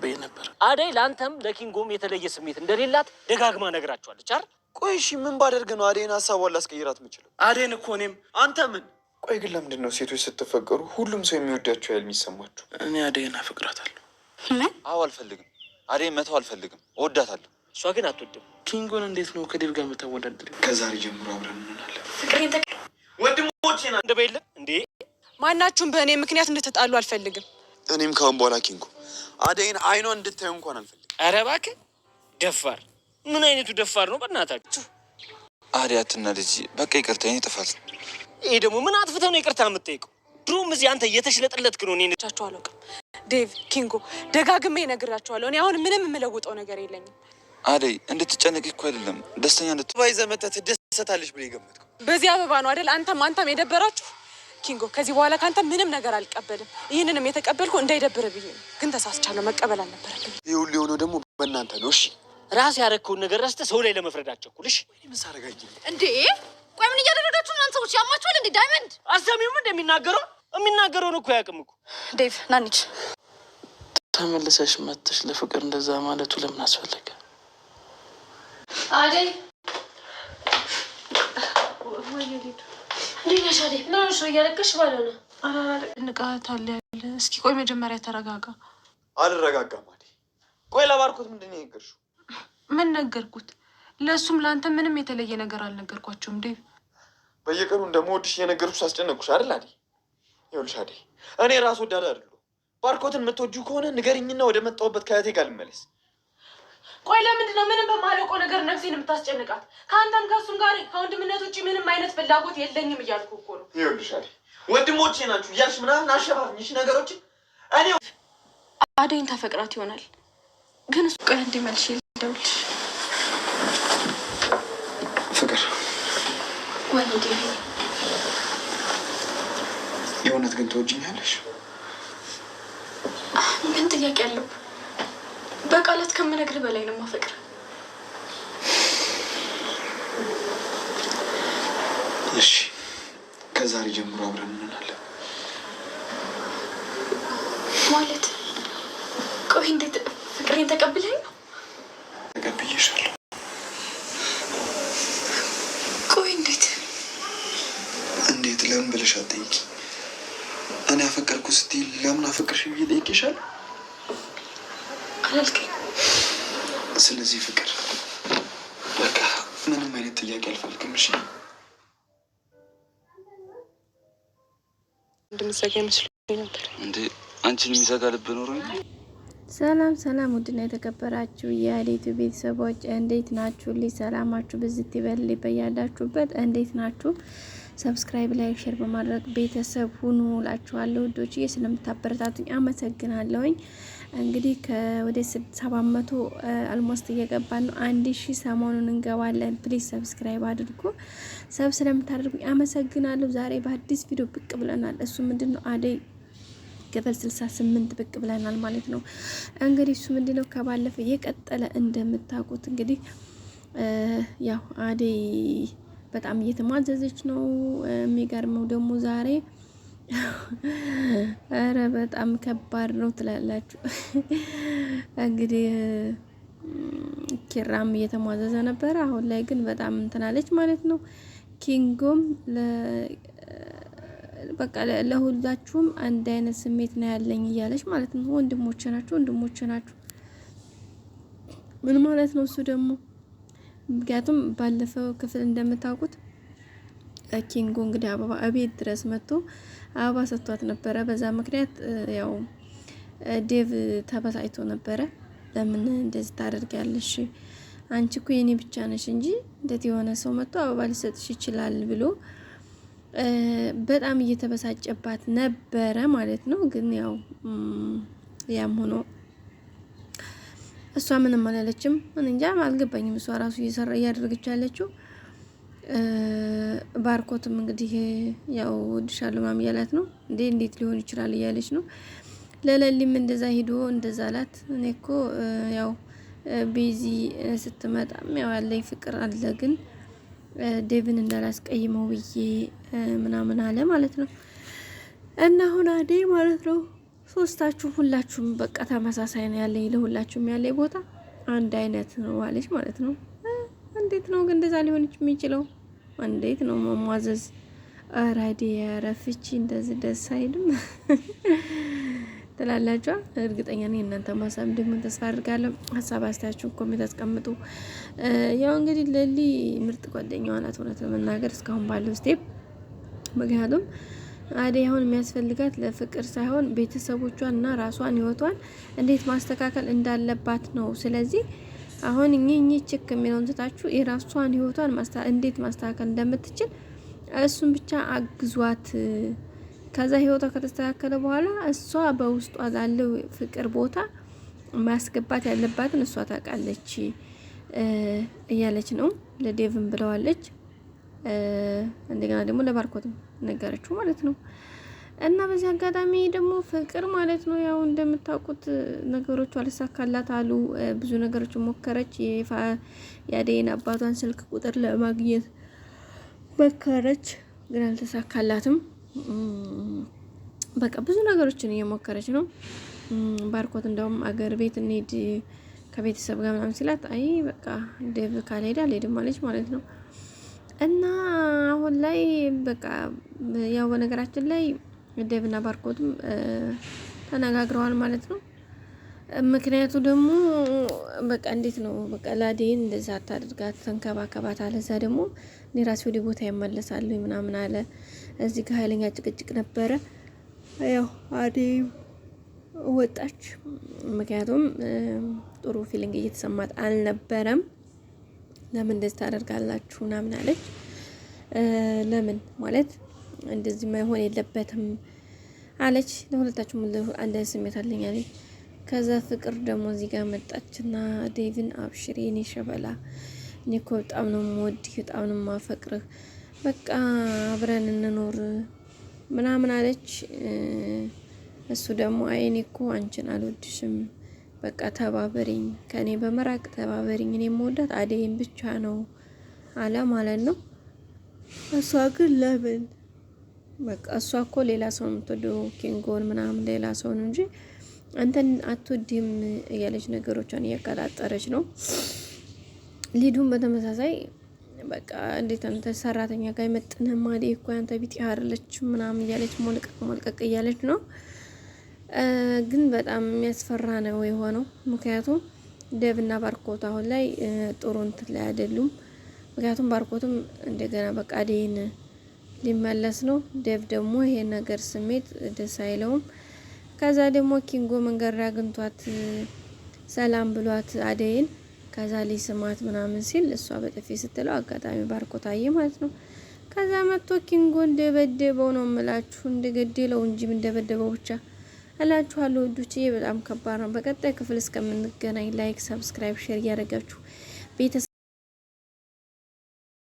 ተቀብዬ ነበር። አደይ ለአንተም ለኪንጎም የተለየ ስሜት እንደሌላት ደጋግማ ነግራቸዋለች አይደል? ቆይ እሺ ምን ባደርግ ነው አደይን ሀሳቧን ላስቀይራት የምችለው? አደይን እኮ እኔም አንተ ምን ቆይ ግን ለምንድን ነው ሴቶች ስትፈቀሩ ሁሉም ሰው የሚወዳቸው ያህል የሚሰማችሁ? እኔ አደይን አፈቅራታለሁ። ምን? አዎ አልፈልግም። አደይን መተው አልፈልግም። እወዳታለሁ። እሷ ግን አትወድም። ኪንጎን እንዴት ነው ከዴብ ጋር የምታወዳድር? ከዛሬ ጀምሮ አብረን እንሆናለን። ፍቅሬን ተቅ ወንድሞቼ እንደ በየለም እንዴ ማናችሁም በእኔ ምክንያት እንደተጣሉ አልፈልግም። እኔም ካሁን በኋላ ኪንጎ አደይን አይኗ እንድታዩ እንኳን አልፈልግም። ኧረ እባክህ ደፋር! ምን አይነቱ ደፋር ነው? በእናታችሁ አዲያትና ልጅ በቃ ይቅርታ፣ የኔ ጥፋት። ይሄ ደግሞ ምን አጥፍተህ ነው ይቅርታ የምትጠይቀው? ድሮም እዚህ አንተ እየተሽለጥለጥክ ነው። እኔ ነቻቸው አላውቅም። ዴቭ ኪንጎ፣ ደጋግሜ ነግራቸዋለሁ። እኔ አሁን ምንም የምለውጠው ነገር የለኝም። አደይ እንድትጨነቅ እኮ አይደለም ደስተኛ እንድት ባይዘመተት ደሰታለች ብሎ የገመትኩ በዚህ አበባ ነው አደል? አንተም አንተም የደበራችሁ ኪንጎ፣ ከዚህ በኋላ ካንተ ምንም ነገር አልቀበልም። ይህንንም የተቀበልኩ እንዳይደብር ብዬ ግን ተሳስቻለሁ። መቀበል አልነበረብኝ። ይህ ሁሉ ደግሞ በእናንተ ነው። እሺ፣ ራስ ያረግከውን ነገር ረስተህ ሰው ላይ ለመፍረድ አቸኩልሽ። ምን ሳደርጋኝ እንዴ? ቆይ ምን እያደረጋችሁ እናንተ ሰዎች ያማችኋል እንዴ? ዳይመንድ አዛሚውም እንደሚናገረው የሚናገረውን እኮ ያውቅም እኮ። ዴቭ ናንች ተመልሰሽ መጥተሽ ለፍቅር እንደዛ ማለቱ ለምን አስፈለገ አደይ? ሻዴ ምን ሆነሽ ነው? እያለቀሽ ባልሆነ ንቃት አለ ያለ። እስኪ ቆይ መጀመሪያ ተረጋጋ። አልረጋጋም አዴ። ቆይ ለባርኮት ምንድን ነው የነገርሽው? ምን ነገርኩት? ለእሱም ለአንተ ምንም የተለየ ነገር አልነገርኳቸውም። እንዴ በየቀኑ እንደምወድሽ እየነገርኩሽ አስጨነቅኩሽ አይደል አዴ? ይኸውልሽ አዴ፣ እኔ ራስ ወዳድ አይደለሁ። ባርኮትን የምትወጂው ከሆነ ንገሪኝና ወደ መጣሁበት ከእህቴ ጋር ልመለስ። ቆይ ለምንድን ነው ምንም በማለቆ ነገር ነፍሴን የምታስጨንቃት? ከአንተም ከእሱም ጋር ከወንድምነት ውጭ ምንም አይነት ፍላጎት የለኝም እያልኩ እኮ ነው። ይኸውልሻል ወንድሞቼ ናችሁ እያልሽ ምናምን አሸፋፍኝሽ ነገሮችን እኔ አደይን ተፈቅራት ይሆናል ግን እሱ ቆይ እንዲመልሽ ደውልሽ ፍቅር ወይ የእውነት ግን ትወጂኛለሽ? ምን ጥያቄ አለብህ? በቃላት ከምነግር በላይ ነው ማፈቅር። እሺ፣ ከዛሬ ጀምሮ አብረን እንሆናለን። ማለት ቆይ፣ እንዴት ፍቅሬን ተቀብለኝ ነው? ተቀብዬሻለሁ። ቆይ፣ እንዴት እንዴት? ለምን ብለሽ አትጠይቂ። እኔ አፈቀርኩ ስትይ ለምን አፈቅርሽ ብዬ ጠይቄሻለሁ። አላልከኝ። ስለዚህ ፍቅር በቃ ምንም አይነት ጥያቄ አልፈልግም። እሺ እንደምዘጋ ይመስለኝ ነበር እንዴ? አንቺን የሚዘጋ ልብ ኖሮ ሰላም ሰላም፣ ውድና የተከበራችሁ የአዴቱ ቤተሰቦች እንዴት ናችሁ? ልጅ ሰላማችሁ ብዝት ይበል በያላችሁበት። እንዴት ናችሁ? ሰብስክራይብ፣ ላይክ፣ ሼር በማድረግ ቤተሰብ ሁኑ እላችኋለሁ። ውዶችዬ ስለምታበረታቱኝ አመሰግናለሁኝ። እንግዲህ ወደ ሰባት መቶ አልሞስት እየገባን ነው። አንድ ሺህ ሰሞኑን እንገባለን። ፕሊዝ ሰብስክራይብ አድርጉ። ሰብ ስለምታደርጉኝ አመሰግናለሁ። ዛሬ በአዲስ ቪዲዮ ብቅ ብለናል። እሱ ምንድን ነው አደይ ክፍል 68 ብቅ ብለናል ማለት ነው። እንግዲህ እሱ ምንድን ነው ከባለፈው የቀጠለ እንደምታውቁት እንግዲህ ያው አደይ በጣም እየተሟዘዘች ነው። የሚገርመው ደግሞ ዛሬ እረ በጣም ከባድ ነው ትላላችሁ። እንግዲህ ኪራም እየተሟዘዘ ነበረ። አሁን ላይ ግን በጣም እንትናለች ማለት ነው። ኪንጎም በቃ ለሁላችሁም አንድ አይነት ስሜት ነው ያለኝ እያለች ማለት ነው። ወንድሞቼ ናችሁ፣ ወንድሞቼ ናችሁ ምን ማለት ነው እሱ ደግሞ ምክንያቱም ባለፈው ክፍል እንደምታውቁት ኪንጉ እንግዲህ አበባ እቤት ድረስ መጥቶ አበባ ሰጥቷት ነበረ። በዛ ምክንያት ያው ዴቭ ተበሳጭቶ ነበረ። ለምን እንደዚህ ታደርጊያለሽ? አንቺ እኮ የኔ ብቻ ነሽ እንጂ እንዴት የሆነ ሰው መጥቶ አበባ ሊሰጥሽ ይችላል? ብሎ በጣም እየተበሳጨባት ነበረ ማለት ነው። ግን ያው ያም ሆኖ እሷ ምንም አላለችም። እንጃ አልገባኝም። እሷ ራሱ እያደረገች ያለችው ባርኮትም እንግዲህ ያው ወድሻለሁ ማም እያላት ነው እንዴ እንዴት ሊሆን ይችላል እያለች ነው። ለለሊም እንደዛ ሂዶ እንደዛ አላት። እኔ እኮ ያው ቤዚ ስትመጣም ያው ያለኝ ፍቅር አለ ግን ዴቭን እንዳላስቀይመው ብዬ ምናምን አለ ማለት ነው። እና አሁን አዴ ማለት ነው ሶስታችሁ ሁላችሁም በቃ ተመሳሳይ ነው ያለኝ ለሁላችሁም ያለኝ ቦታ አንድ አይነት ነው አለች ማለት ነው። እንዴት ነው ግን እንደዛ ሊሆን የሚችለው? እንዴት ነው መሟዘዝ? አራዲ ያረፍቺ እንደዚህ ደስ አይልም ትላላችሁ። እርግጠኛ ነኝ እናንተ ማሳብ ደግሞ ተስፋ አድርጋለሁ። ሀሳብ አስተያችሁን ኮሜንት አስቀምጡ። ያው እንግዲህ ለሊ ምርጥ ጓደኛዋ ናት፣ እውነት ለመናገር እስካሁን ባለው ስቴፕ። ምክንያቱም አደይ አሁን የሚያስፈልጋት ለፍቅር ሳይሆን ቤተሰቦቿን እና ራሷን ህይወቷን እንዴት ማስተካከል እንዳለባት ነው። ስለዚህ አሁን እኚህ እኚህ ችክ የሚለውን ስታችሁ የራሷን ህይወቷን እንዴት ማስተካከል እንደምትችል እሱን ብቻ አግዟት። ከዛ ህይወቷ ከተስተካከለ በኋላ እሷ በውስጧ ላለው ፍቅር ቦታ ማስገባት ያለባትን እሷ ታውቃለች እያለች ነው። ለዴቭም ብለዋለች። እንደገና ደግሞ ለባርኮትም ነገረችው ማለት ነው። እና በዚህ አጋጣሚ ደግሞ ፍቅር ማለት ነው ያው እንደምታውቁት ነገሮቹ አልሳካላት አሉ። ብዙ ነገሮች ሞከረች። የአደይን አባቷን ስልክ ቁጥር ለማግኘት መከረች፣ ግን አልተሳካላትም። በቃ ብዙ ነገሮችን እየሞከረች ነው። ባርኮት እንደውም አገር ቤት እንሂድ ከቤተሰብ ጋር ምናምን ሲላት አይ በቃ ደብ ካልሄድ አልሄድም አለች ማለት ነው። እና አሁን ላይ በቃ ያው በነገራችን ላይ ዴቭና ባርኮትም ተነጋግረዋል ማለት ነው። ምክንያቱ ደግሞ በቃ እንዴት ነው በቃ ላዴን እንደዛ አታድርጋት፣ ተንከባከባት፣ አለዛ ደግሞ እኔ ራሴ ወደ ቦታ ይመለሳሉ ምናምን አለ። እዚህ ጋር ኃይለኛ ጭቅጭቅ ነበረ። ያው አዴ ወጣች፣ ምክንያቱም ጥሩ ፊሊንግ እየተሰማት አልነበረም። ለምን እንደዚህ ታደርጋላችሁ ምናምን አለች። ለምን ማለት እንደዚህ መሆን የለበትም አለች። ለሁለታችሁም አንድ ስሜት አለኝ አለኝ። ከዛ ፍቅር ደግሞ እዚህ ጋር መጣችና ዴቪን አብሽሪ እኔ ሸበላ እኔ እኮ በጣም ነው የምወድህ በጣም ነው የማፈቅርህ በቃ አብረን እንኖር ምናምን አለች። እሱ ደግሞ አይ እኔ እኮ አንቺን አልወድሽም በቃ ተባበሪኝ፣ ከእኔ በመራቅ ተባበሪኝ፣ እኔ የምወዳት አደይን ብቻ ነው አለ ማለት ነው። እሷ ግን ለምን በቃ እሷ እኮ ሌላ ሰው የምትወደው ኪንጎን ምናምን ሌላ ነው እንጂ አንተን አትወድም እያለች ነገሮቿን እያቀጣጠረች ነው። ሊዱም በተመሳሳይ በቃ እንዴት አንተ ሰራተኛ ጋር የመጥነ ዴ እኮ አንተ ቢት ያርለች ምናምን እያለች ሞልቀቅ ሞልቀቅ እያለች ነው። ግን በጣም የሚያስፈራ ነው የሆነው። ምክንያቱም ደብና ባርኮት አሁን ላይ ጥሩ እንትን ላይ አይደሉም። ምክንያቱም ባርኮትም እንደገና በቃ ዴን ሊመለስ ነው። ዴቭ ደግሞ ይሄ ነገር ስሜት ደስ አይለውም። ከዛ ደግሞ ኪንጎ መንገድ ላይ አግኝቷት ሰላም ብሏት አደይን ከዛ ላይ ስማት ምናምን ሲል እሷ በጥፊ ስትለው አጋጣሚ ባርኮታዬ ማለት ነው። ከዛ መጥቶ ኪንጎ እንደበደበው ነው የምላችሁ፣ እንደገደለው እንጂ እንደበደበው ብቻ እላችኋለሁ። ውዶቼ በጣም ከባድ ነው። በቀጣይ ክፍል እስከምንገናኝ ላይክ፣ ሰብስክራይብ፣ ሼር እያደረጋችሁ ቤተሰብ